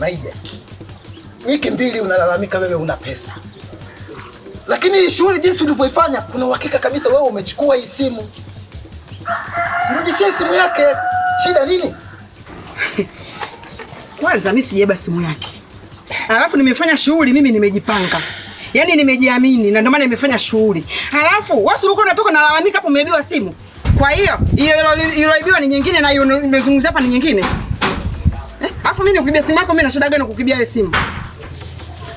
Maija, wiki mbili unalalamika wewe una pesa, lakini shughuli jinsi ulivyoifanya, kuna uhakika kabisa wewe umechukua hii simu. Mrudishie simu yake, shida nini? Kwanza mi sijaiba simu yake, alafu nimefanya shughuli mimi, nimejipanga Yaani nimejiamini na ndio maana nimefanya shughuli. Halafu wewe uko unatoka na lalamika hapo umeibiwa simu. Kwa hiyo hiyo iloibiwa ni nyingine na hiyo nimezungumzia hapa ni nyingine. Eh? Alafu mimi nikuibia simu yako mimi na shida gani kukuibia wewe simu?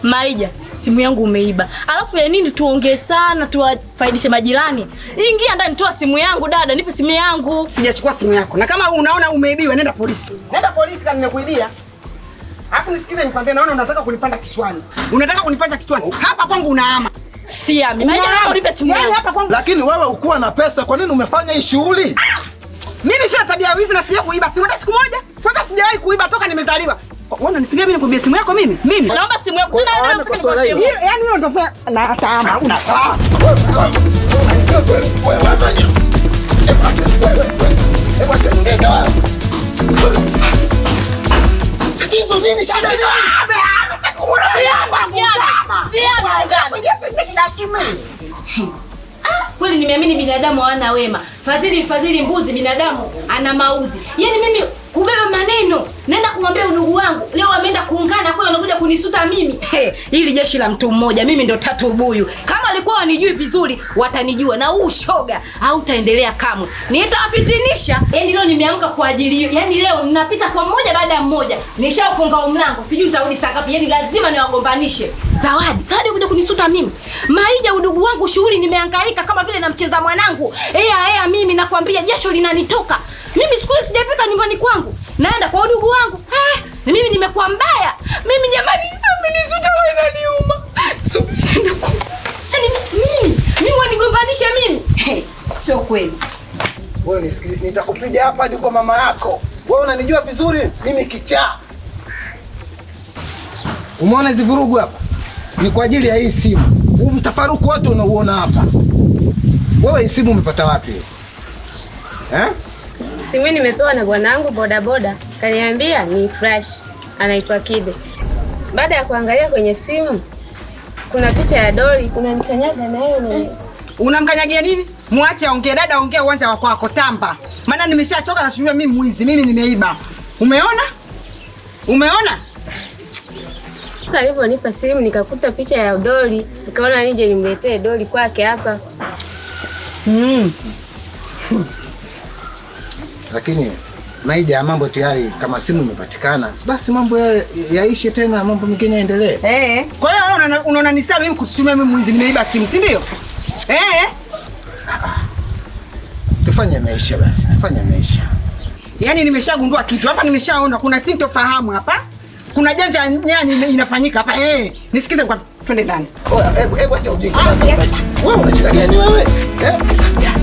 Maija, simu yangu umeiba. Alafu ya nini tuongee sana tuwafaidishe majirani? Ingia ndani toa simu yangu dada, nipe simu yangu. Sijachukua simu yako. Na kama unaona umeibiwa nenda polisi. Nenda polisi kama nimekuibia. Alafu nisikize nikwambie, naona unataka kunipanda kichwani. Unataka kunipanda kichwani. Hapa kwangu unaama. Siami. Unalipe simu yangu. Hapa kwangu. Lakini wewe ukuwa na pesa, kwa nini umefanya hii shughuli? Ah! Mimi sina tabia wizi na sija kuiba. Si hata siku moja. Sasa sijawahi kuiba toka nimezaliwa. Wewe unisikia mimi nikuambia simu yako mimi? Mimi. Naomba simu yako. Tuna wewe unakuja kwa simu. Yaani wewe ndio na taama. Unafaa. Wewe wewe wewe. Wewe wewe. Wewe wewe. Kweli nimeamini binadamu hawana wema. Fadhili mfadhili mbuzi, binadamu ana mauzi. Yaani mimi kubeba maneno. Nenda kumwambia udugu wangu leo ameenda kuungana kule, anakuja kunisuta mimi. Hili jeshi la mtu mmoja, mimi ndo tatu buyu. Kama alikuwa wanijui vizuri, watanijua na huu shoga hautaendelea kamwe, nitawafitinisha. Yani leo nimeamka kwa ajili, hiyo, yani leo ninapita kwa mmoja baada ya mmoja, nishafunga mlango, sijui nitarudi saa ngapi. Yani lazima niwagombanishe. Zawadi, Zawadi kuja kunisuta mimi. Maija udugu wangu, shughuli nimehangaika kama vile namcheza mwanangu. Eya, eya, mimi nakwambia jasho linanitoka. Mimi siku hizi sijapika nyumbani kwangu, naenda kwa udugu wangu. Eh, mimi nimekuwa mbaya. Mimi jamani, mnisuta wewe inaniuma. Yaani, wanigombanisha mimi. Sio kweli. Wewe nisikilize, nitakupiga hapa juu kwa mama yako. Wewe unanijua vizuri, mimi kichaa. Umeona hizi vurugu hapa? Ni kwa ajili ya hii simu. Huu mtafaruku wote unauona hapa. Wewe hii simu umepata wapi? Eh? simu nimepewa na bwanangu bodaboda, kaniambia ni fresh, anaitwa Kide. Baada ya kuangalia kwenye simu, kuna picha ya dori unanikanyaga nayo ni... unamkanyagia nini? Mwache aongee, dada, ongea uwanja wa kwako, tamba, maana nimeshachoka nashuhudia. Mimi mwizi mimi, nimeiba. Umeona, umeona sasa alivyonipa simu nikakuta picha ya Doli, nikaona nije nimletee Doli kwake hapa mm lakini maija ya mambo tayari, kama simu imepatikana basi mambo yaishe ya tena, mambo mengine yaendelee. Hey. Kwa hiyo wewe unaona ni sawa mimi kusitumia mimi mwizi, nimeiba simu, si ndio? Hey. Tufanye maisha basi, tufanye maisha. Yaani nimeshagundua kitu hapa, nimeshaona kuna sintofahamu hapa, kuna janja nyani inafanyika hapa. hey. Nisikize kwa twende ndani. hebu hebu acha ujinga basi. Wewe unachidanganya wewe. Eh?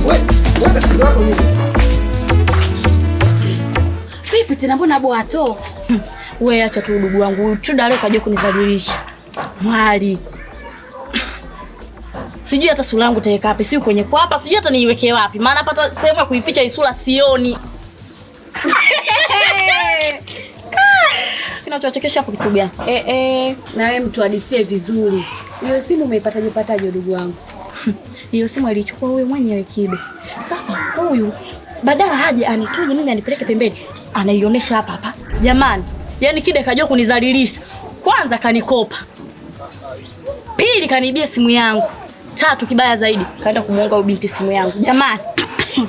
Wewe, wewe Vipi tena mbona bwato? Hmm, wewe acha tu udugu wangu. Chuda leo kaje kunizalilisha. Mwali. Sijui hata sura yangu taweka wapi, si kwenye kwa hapa, sijui hata niiweke wapi. Maana pata sehemu ya kuificha sura sioni. Kinachochekesha hapo kitu gani? Eh eh, na wewe mtu hadisie vizuri. Hiyo simu umeipataje pataje ndugu wangu? Hmm, hiyo simu alichukua huyo mwenyewe Kibe. Sasa huyu badala aje anituje mimi anipeleke pembeni, anaionyesha hapa hapa. Jamani, yani Kide kajua kunizalilisha. Kwanza kanikopa, pili kanibia simu yangu, tatu kibaya zaidi kaenda kumuonga ubinti simu yangu. Jamani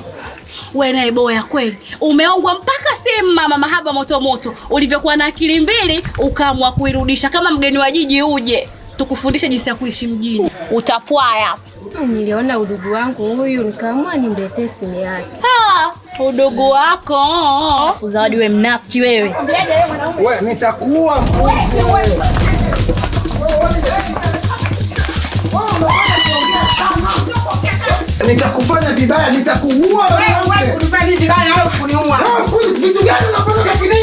wewe naye boya kweli, umeongwa mpaka sema mama mahaba moto moto. Ulivyokuwa na akili mbili ukaamua kuirudisha. Kama mgeni wa jiji uje tukufundishe jinsi ya kuishi mjini, utapwaya. Niliona udugu wangu huyu nikaamua nimletee simu yake udugu wako afu Zawadi, we mnafiki wewe, nitakuwa nitakufanya vibaya, nitakuua. Vitu eh. nitakuvunja,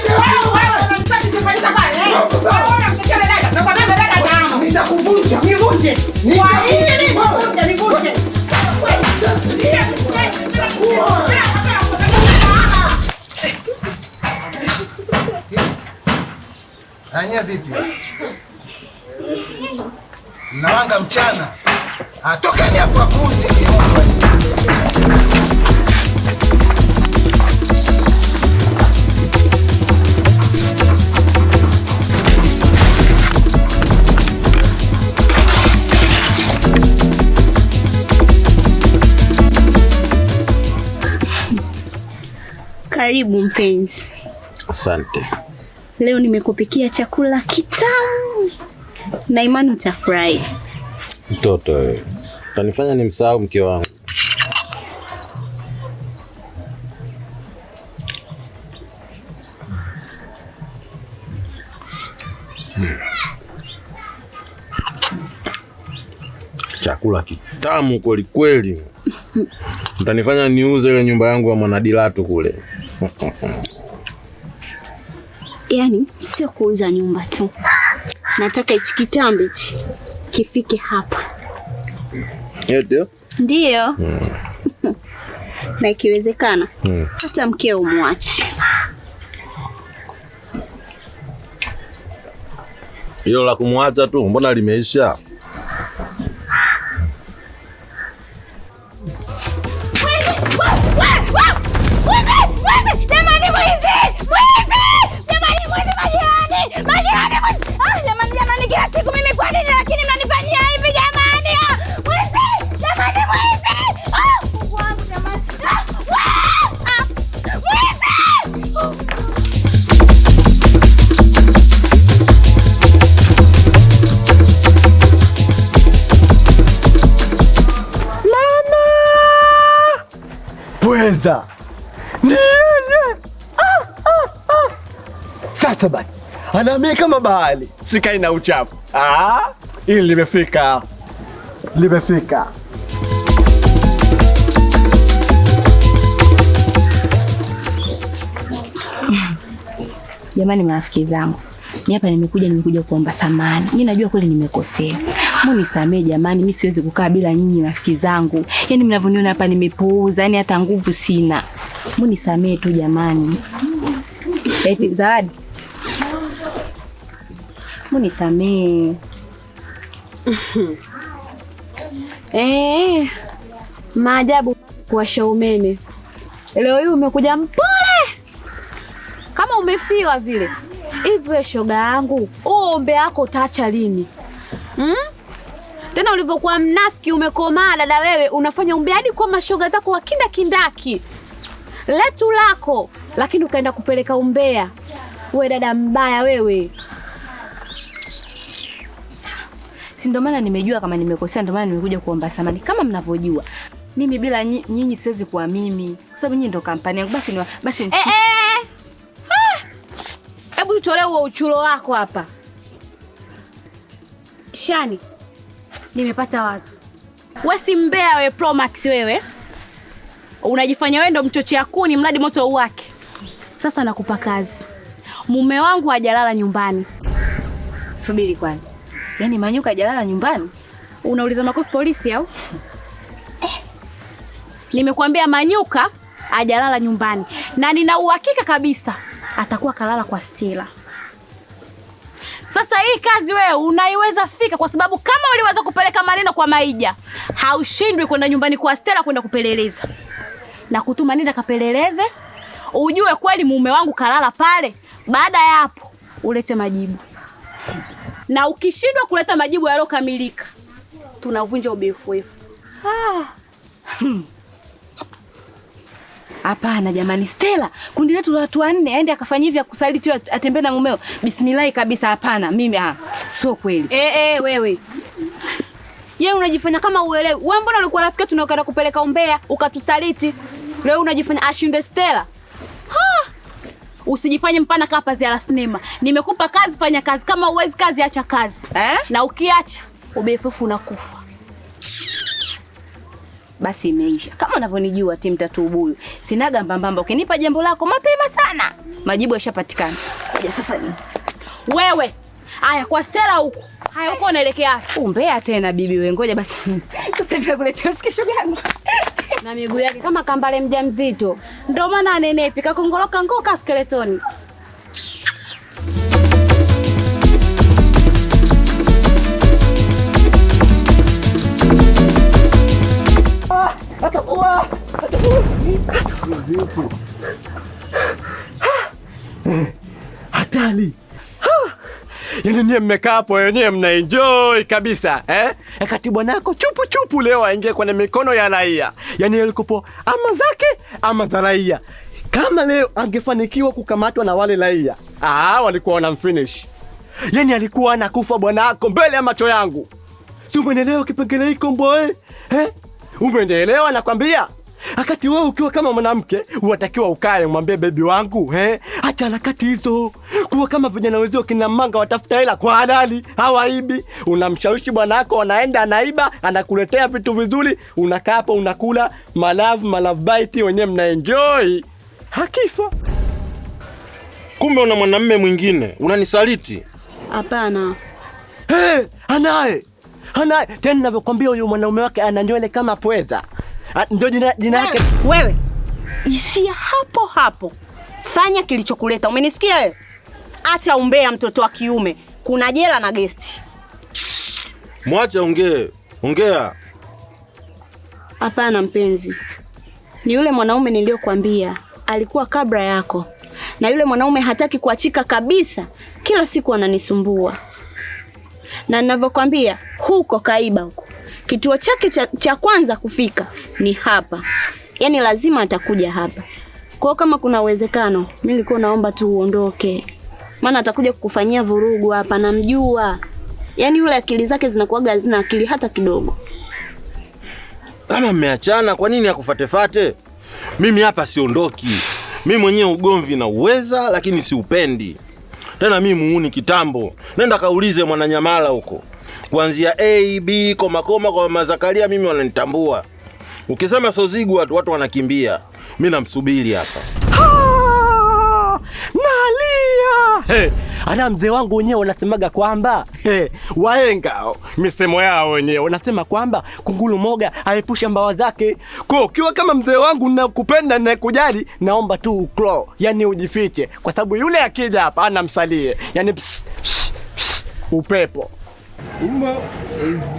Nanye vipi? Nawanga mchana atokani hapo kuzi Karibu mpenzi. Asante. Leo nimekupikia chakula kitamu na imani utafurahi. Mtoto wewe, utanifanya nimsahau mke wangu. Chakula kitamu kweli kweli. Utanifanya niuze ile nyumba yangu ya Mwanadilato kule yani sio kuuza nyumba tu, nataka hichi kitambi hichi kifike hapa. Ndio, ndio hmm. na ikiwezekana hmm. hata mkeo umwache. Hilo la kumwacha tu mbona limeisha? giza ni Sasa ah, ah, ah. basi anaamia kama bahali sikai na uchafu ah, ili limefika, limefika Jamani, marafiki zangu, mi hapa nimekuja, nimekuja kuomba samani. Mi najua kweli nimekosea, Munisamee jamani, mimi siwezi kukaa bila nyinyi rafiki zangu. Yaani mnavyoniona hapa nimepuuza, yaani hata nguvu sina. Munisamee tu jamani. Eti Zawadi. Munisamee. Eh, maajabu kuwasha umeme. Leo hii umekuja mpole kama umefiwa vile. Hivyo shoga yangu, uombe yako utaacha lini? Mm? Tena ulivyokuwa mnafiki umekomaa dada wewe, unafanya umbea hadi kwa mashoga zako wa kindakindaki letu lako, lakini ukaenda kupeleka umbea. We dada mbaya wewe. Si ndio maana nimejua kama nimekosea, ndio maana nimekuja kuomba samani. Kama mnavyojua mimi bila nyinyi siwezi kuwa mimi, kwa sababu nyinyi ndio kampani yangu. Basi ni basi, eh eh, eh, eh. Ah! hebu tutolee huo uchulo wako hapa Shani nimepata wazo. We si mbea we, Max wewe, unajifanya wewe ndo mchochea kuni, mradi moto uwake. Sasa nakupa kazi, mume wangu hajalala nyumbani. Subiri kwanza, yaani Manyuka hajalala nyumbani? Unauliza makofi polisi au? Eh, nimekuambia Manyuka hajalala nyumbani, na nina uhakika kabisa atakuwa kalala kwa Stila. Sasa hii kazi wewe unaiweza fika, kwa sababu kama uliweza kupeleka maneno kwa Maija, haushindwi kwenda nyumbani kwa Stella kwenda kupeleleza na kutuma nenda kapeleleze, ujue kweli mume wangu kalala pale. Baada ya hapo ulete majibu, na ukishindwa kuleta majibu yaliyokamilika tunavunja ubefuefu. ah. Hmm. Hapana jamani, Stella, kundi letu la watu wanne, aende yaani akafanya hivi, akusaliti, atembee na mumeo. Bismillah kabisa, hapana. Mimi ah, sio kweli. Eh, eh, wewe ye unajifanya kama uelewi. Wewe mbona ulikuwa rafiki yetu na ukaenda kupeleka umbea ukatusaliti? Leo unajifanya ashinde ah, Stella. Ha! Usijifanye mpana kama pazia la sinema. Nimekupa kazi, fanya kazi. Kama uwezi kazi, acha kazi eh? na ukiacha ubefufu unakufa basi imeisha. Kama unavyonijua timu tatu ubuyu, sinaga mbambamba. Ukinipa jambo lako mapema sana, majibu yashapatikana. Ngoja sasa ni wewe. Haya, kwa Stella huko. Haya, huko unaelekea Umbea tena bibi wewe, ngoja basi sasa hivi nakuletea sikisho gani na miguu yake kama kambale mjamzito, ndio maana anenepi, kakongoloka ngoka skeletoni. hatari yani nyie mmekaa hapo wenyewe eh, enjoy kabisa eh? Akati eh, bwanako chupu chupu leo aingie kwenye mikono ya raia, yaani alikupo ama zake ama za raia. Kama leo angefanikiwa kukamatwa na wale raia, ah, walikuwa finish. yani alikuwa anakufa bwanako mbele ya macho yangu. Si umeelewa kipengele hiko mboe eh? eh? Umeelewa? Nakwambia, akati wewe ukiwa kama mwanamke unatakiwa ukae mwambie bebi wangu, eh, acha harakati hizo, kuwa kama vijana wenzio kina Manga, watafuta hela kwa halali, hawaibi. Unamshawishi bwanako, anaenda anaiba, anakuletea vitu vizuri, unakaa hapo unakula malavu malavu baiti, wenyewe mnaenjoy hakifa. Kumbe una mwanamme mwingine, unanisaliti? Hapana. Hey, eh, anaye Hana tena, ninavyokuambia huyu mwanaume wake ana nywele kama pweza, ndio jina, jina yake. Wewe ishia hapo hapo, fanya kilichokuleta. Umenisikia wewe? Acha umbea, mtoto wa kiume, kuna jela na gesti. mwacha ongee, ongea. Hapana mpenzi, ni yule mwanaume niliyokuambia alikuwa kabla yako, na yule mwanaume hataki kuachika kabisa, kila siku ananisumbua na ninavyokwambia huko kaiba huko, kituo chake cha, cha kwanza kufika ni hapa, yaani lazima atakuja hapa. Kwa kama kuna uwezekano, mimi nilikuwa naomba tu uondoke, maana atakuja kukufanyia vurugu hapa, namjua. Yaani yule akili zake zinakuwaga hazina akili hata kidogo. Kama mmeachana, kwa nini akufatefate? Mimi hapa siondoki. Mimi mwenyewe ugomvi na uweza, lakini siupendi. Tena mi muuni kitambo, nenda kaulize Mwananyamala huko, kuanzia A B koma koma kwa Mama Zakaria, mimi wananitambua. Ukisema Sozigwa watu, watu wanakimbia. Mi namsubiri hapa nalia. Hey, ana mzee wangu wenyewe wanasemaga kwamba hey, wahenga misemo yao wenyewe wanasema kwamba kunguru moga aepusha mbawa zake. Kwa ukiwa kama mzee wangu nakupenda na kujali, naomba tu uklo, yani ujifiche, kwa sababu yule akija hapa anamsalie, yani ps, ps, ps, upepo umo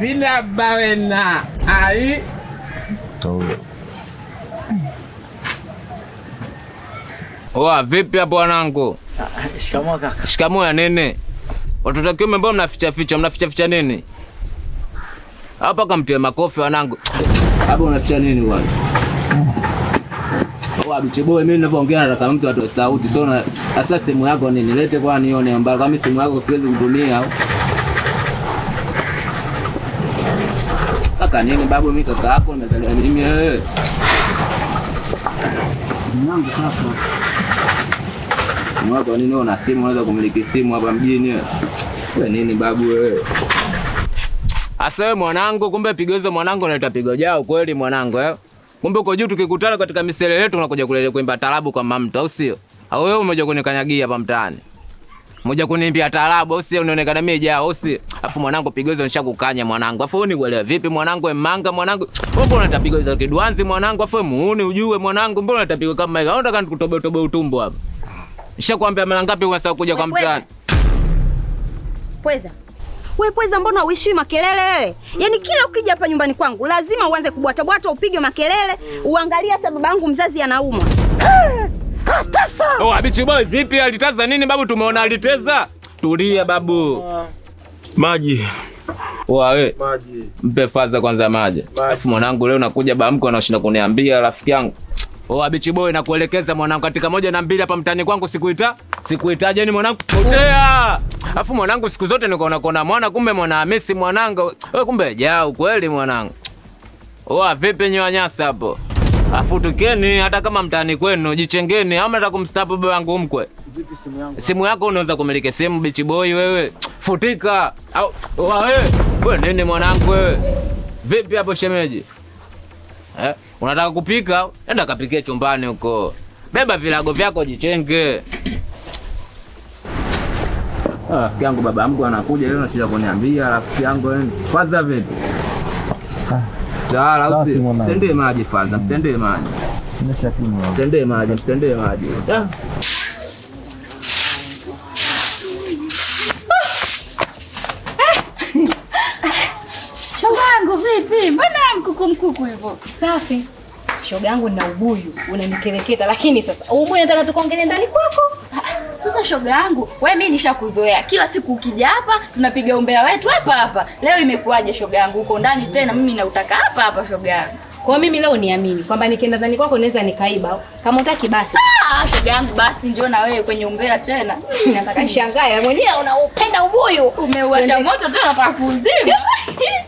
zila bawena ai oa vipi hapo wanangu? Shikamoo kaka. Shikamoo ya nene. Watoto wa kiume mbona mnaficha ficha? Mnaficha ficha nini? Hapa kamtie makofi wanangu. Hapa unaficha nini bwana? Kwa bicheboe mimi ninapoongea nataka mtu atoe sauti. So na sasa simu yako nini? Lete kwa nione ambapo kama simu yako siwezi kutumia. Kaka nini babu mimi kaka yako nimezaliwa mimi wewe. Mwanangu kaka. Wewe kwa nini una simu unaweza kumiliki simu hapa mjini? Wewe nini babu wewe? Asa mwanangu, kumbe pigo hizo mwanangu unaita pigo jao kweli mwanangu eh? Kumbe uko juu tukikutana katika misele yetu unakuja kulele kuimba taarabu kwa mamto au sio? Au wewe umeja kunikanyagia hapa mtaani? Moja kuniimbia taarabu, au sio? Unaonekana mimi jao au sio? Afu mwanangu pigo hizo nishakukanya mwanangu. Afu wewe unielewa vipi mwanangu emanga mwanangu? Mbona unataka pigo hizo kiduanzi mwanangu? Afu muuni ujue mwanangu, mbona unataka pigo kama hiyo? Unataka nikutobe tobe utumbo hapa. Nishakwambia mara ngapi unasahau kuja kwa mtaani? Pweza. Wewe Pweza, mbona uishi makelele wewe? Yaani kila ukija hapa nyumbani kwangu lazima uanze kubwata bwata, upige makelele, uangalie hata babangu mzazi anaumwa. Ah, oh, abichi boy, vipi alitaza nini babu? Tumeona aliteza. Tulia babu. Maji. Oa Maji. Mpe faza kwanza maji. Alafu mwanangu leo nakuja baamko anashinda kuniambia rafiki yangu. Oa bichi boy na kuelekeza mwanangu katika moja na mbili hapa mtani kwangu sikuita. Sikuitajeni mwanangu. Potea. Afu mwanangu siku zote niko na kona mwana kumbe mwana Hamisi mwanangu. Wewe kumbe jao kweli mwanangu. Oa vipi nyoa nyasa hapo? Afu tukeni hata kama mtani kwenu jichengeni ama hata kumstapu baba yangu mkwe. Vipi simu yangu? Simu yako unaweza kumiliki simu bichi boy wewe. Futika. Au oa wewe. Wewe nini mwanangu wewe? Vipi hapo shemeji? Eh, unataka kupika? Enda kapikie chumbani huko. Beba vilago vyako jichenge. Ah, rafiki yangu baba mkwe anakuja leo anashindwa kuniambia rafiki yangu kwanza eh, vipi? Tara usi mtendee maji kwanza, mtendee maji. Nimeshakunywa. maji, mtendee maji. Ah. Chomangu ah. vipi? Mbona kuku mkuku hivyo. Safi. Shoga yangu na ubuyu unanikereketa, lakini sasa ubuyu nataka tukaongelee ndani kwako. Sasa shoga yangu, wewe mimi nishakuzoea. Kila siku ukija hapa tunapiga umbea wetu hapa hapa. Leo imekuwaje shoga yangu? Uko ndani tena mimi nautaka hapa hapa shoga yangu. Kwa mimi leo niamini kwamba nikienda ndani kwako naweza nikaiba. Kama utaki basi. Ah, shoga yangu basi njoo na wewe kwenye umbea tena. Nataka nishangae mwenyewe unaupenda ubuyu. Umeuasha moto tena pa kuzima.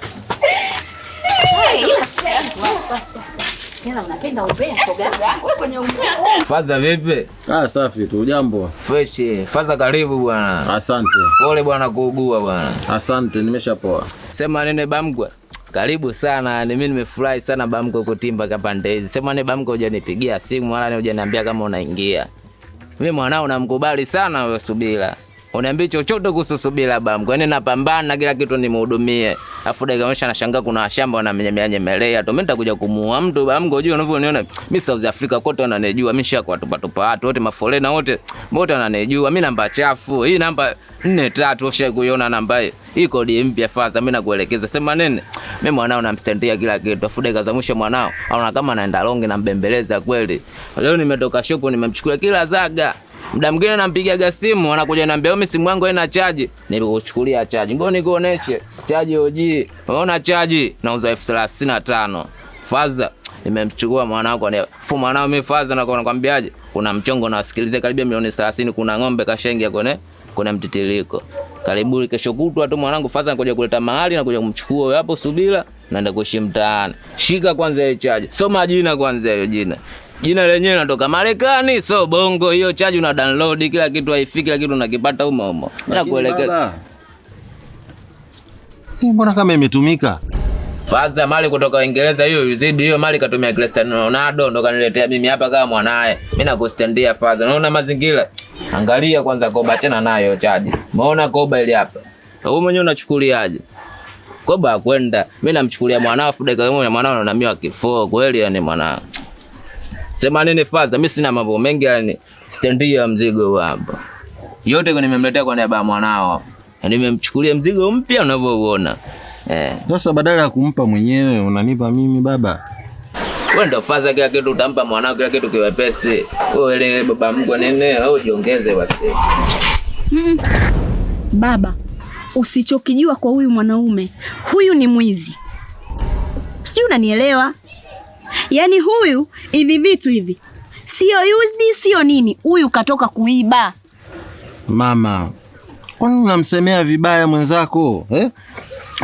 Faza vipi? Ah, safi tu. Jambo. Fresh. Faza karibu bwana. Asante. Pole bwana kuugua bwana. Asante, nimeshapoa. Sema nene bamgwa. Karibu sana. Ni mimi nimefurahi sana bamgwa kutimba kapande ndezi. Sema nene bamgwa hujanipigia simu wala hujaniambia kama unaingia. Mimi mwanao namkubali sana wewe Subira uniambie chochote kuhusu Subira baba yangu, yaani napambana kila kitu nimhudumie, afu dakika mwisho anashangaa kuna shamba wanamenyemea nyemelea tu. Mimi nitakuja kumuua mtu baba yangu, unajua unavyoniona mimi South Africa kote wananijua mimi, shaka watu patupa watu wote, mafolena wote wote wananijua mimi, namba chafu hii, namba 43 usha kuiona namba hii, hii kodi mpya faza. Mimi nakuelekeza sema nini? mimi mwanao namstendia kila kitu, afu dakika za mwisho mwanao anaona kama anaenda longi, nambembeleza kweli. Leo nimetoka shoko, nimemchukua kila zaga Mda mwingine nampigaga simu anakuja niambia mimi simu yangu haina chaji. Nilikuchukulia chaji. Ngoja nikuoneshe chaji OG. Unaona chaji nauza elfu thelathini na tano. Faza nimemchukua mwanako ni fu mwanao mimi Faza na nakwambiaje? Kuna mchongo na wasikilize karibia milioni 30 kuna ng'ombe kashengi kashengia kone kuna mtitiliko. Karibuni kesho kutwa tu mwanangu Faza anakuja kuleta mahali na kuja kumchukua wewe hapo subira naenda kuishi mtaani. Shika kwanza hiyo chaji. Soma jina kwanza hiyo jina. Jina lenyewe natoka Marekani, so bongo hiyo chaji una download kila kitu haifiki, kila kitu unakipata humo humo. Nakuelekeza. Hii mbona kama imetumika? Faza mali kutoka Uingereza hiyo yuzidi hiyo mali katumia Cristiano Ronaldo ndo kaniletea mimi hapa kama mwanae. Mimi nakustandia Faza. Unaona mazingira? Angalia kwanza koba tena nayo chaji. Umeona koba ile hapa. Wewe mwenyewe unachukuliaje? Koba kwenda. Mimi namchukulia mwanao fuda kama mwanao na mimi wa kifo kweli yani mwanao. Sema nini fadha? Mimi sina mambo mengi yani, sitendia mzigo hapa. Yote kwa nimemletea kwa niaba ya mwanao. Nimemchukulia mzigo mpya unavyoona. Eh. Sasa badala ya kumpa mwenyewe unanipa mimi baba. Wewe ndio fadha, kila kitu utampa mwanao, kila kitu kiwepesi. Wewe ile baba mkwe nene au jiongeze basi. Mm. Baba, usichokijua kwa huyu mwanaume, huyu ni mwizi. Sijui unanielewa? Yaani huyu hivi vitu hivi sio used, sio nini, huyu katoka kuiba. Mama, kwani unamsemea vibaya mwenzako eh?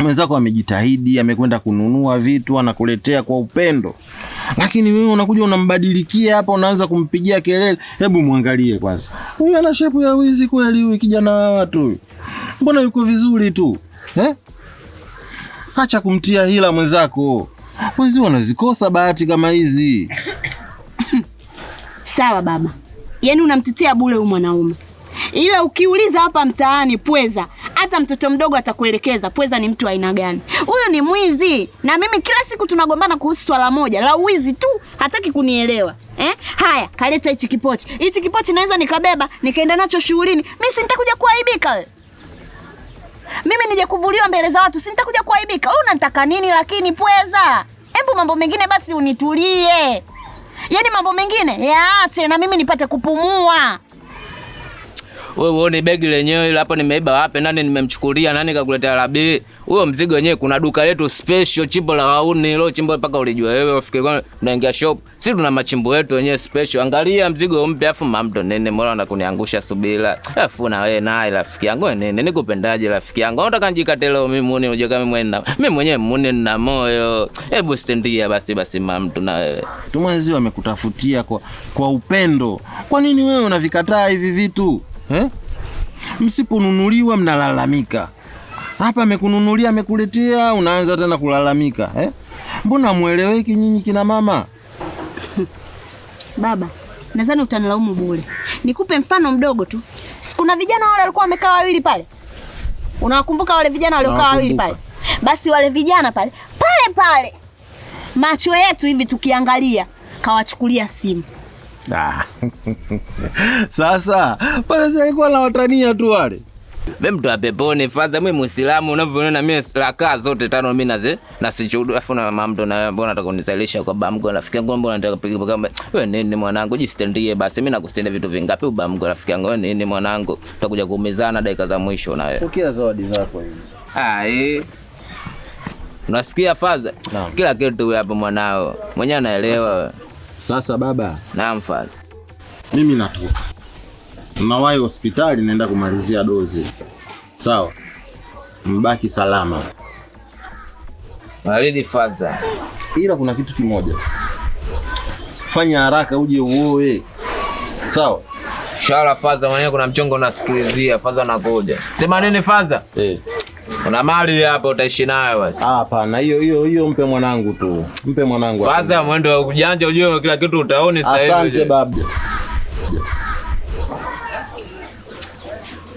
Mwenzako amejitahidi, amekwenda kununua vitu, anakuletea kwa upendo, lakini wewe unakuja unambadilikia hapa, unaanza kumpigia kelele. Hebu mwangalie kwanza, huyu ana shepu ya wizi kweli? Huyu kijana wa watu mbona yuko vizuri tu eh? Acha kumtia hila mwenzako. Wezi wanazikosa bahati kama hizi. Sawa baba, yaani unamtetea bure huyu mwanaume, ila ukiuliza hapa mtaani pweza, hata mtoto mdogo atakuelekeza pweza ni mtu aina gani. Huyu ni mwizi, na mimi kila siku tunagombana kuhusu swala moja la uwizi tu, hataki kunielewa eh? Haya, kaleta hichi kipochi, hichi kipochi naweza nikabeba nikaenda nacho shughulini. Mimi si kuaibika wewe mimi nije kuvuliwa mbele za watu, si nitakuja kuaibika. Wewe nini? Lakini pweza, hebu mambo mengine basi unitulie, yaani mambo mengine yaache na mimi nipate kupumua wewe uone begi lenyewe ile hapo nimeiba wapi, nani nimemchukulia, nani kakuletea labi. Huyo mzigo wenyewe kuna duka letu special chimbo la wauni leo chimbo mpaka ulijua wewe ufikiri kwa unaingia shop. Sisi tuna machimbo yetu wenyewe special. Angalia mzigo mpya afu mamdo nene mbona unakuniangusha subira. Afu na wewe naye rafiki yangu nene nikupendaje rafiki yangu. Unataka njikate leo mimi muone unajua kama mimi na mimi mwenyewe muone nina moyo. Hebu stendia basi basi mamdo na wewe. Tumwezi wamekutafutia kwa kwa upendo. Kwa nini wewe unavikataa hivi vitu? eh? Msiponunuliwa mnalalamika. Hapa amekununulia amekuletea, unaanza tena kulalamika eh? Mbona mweleweki nyinyi kina mama? Baba, nadhani utanilaumu bure. Nikupe mfano mdogo tu. Sikuna vijana wale walikuwa wamekaa wawili pale, unawakumbuka wale vijana waliokaa wawili pale? Basi wale vijana pale pale pale, macho yetu hivi tukiangalia, kawachukulia simu Ah. Sasa pale alikuwa na watania tu wale Mimi mtu wa peponi fadha. Mimi Muislamu, unavyoona mimi rakaa zote tano mimi na na nasichudu, afu na mama mtu na mbona nataka kunisalisha kwa baba mko rafiki yangu, mbona nataka kupiga kwa kama wewe nini mwanangu, jistendie basi. Mimi nakustendia vitu vingapi baba mko rafiki yangu, wewe nini mwanangu, tutakuja kuumezana dakika za mwisho na wewe. Pokea zawadi zako hizi. Ai. Unasikia fadha? Kila kitu hapo mwanao. Mwenye anaelewa wewe. Sasa baba. Naam mfalme. Mimi natoka nawahi hospitali, naenda kumalizia dozi. Sawa, mbaki salama. Walidi faza, ila kuna kitu kimoja, fanya haraka uje uoe. Sawa shara faza, mwenyewe kuna mchongo unasikilizia. Faza anakuja, sema nini faza? Eh. Una mali hapa utaishi nayo basi. Hapana, hiyo hiyo hiyo mpe mwanangu tu. Mpe mwanangu. Fadha mwendo wa kujanja ujue kila kitu utaoni sasa hivi. Asante babu.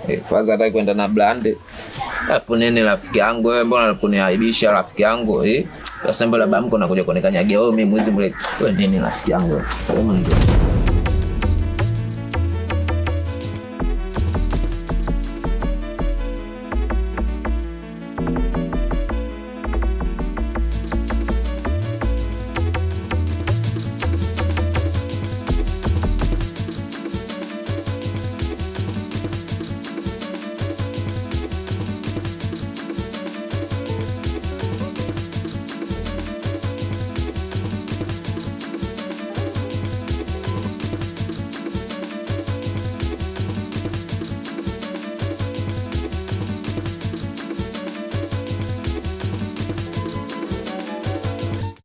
Eh, fadha hata kwenda na blande. Alafu nini rafiki yangu wewe mbona unakuniaibisha rafiki yangu eh? Yasembe la baba nakuja kuonekana wewe, mimi mwizi mle. Wewe nini rafiki yangu? Wewe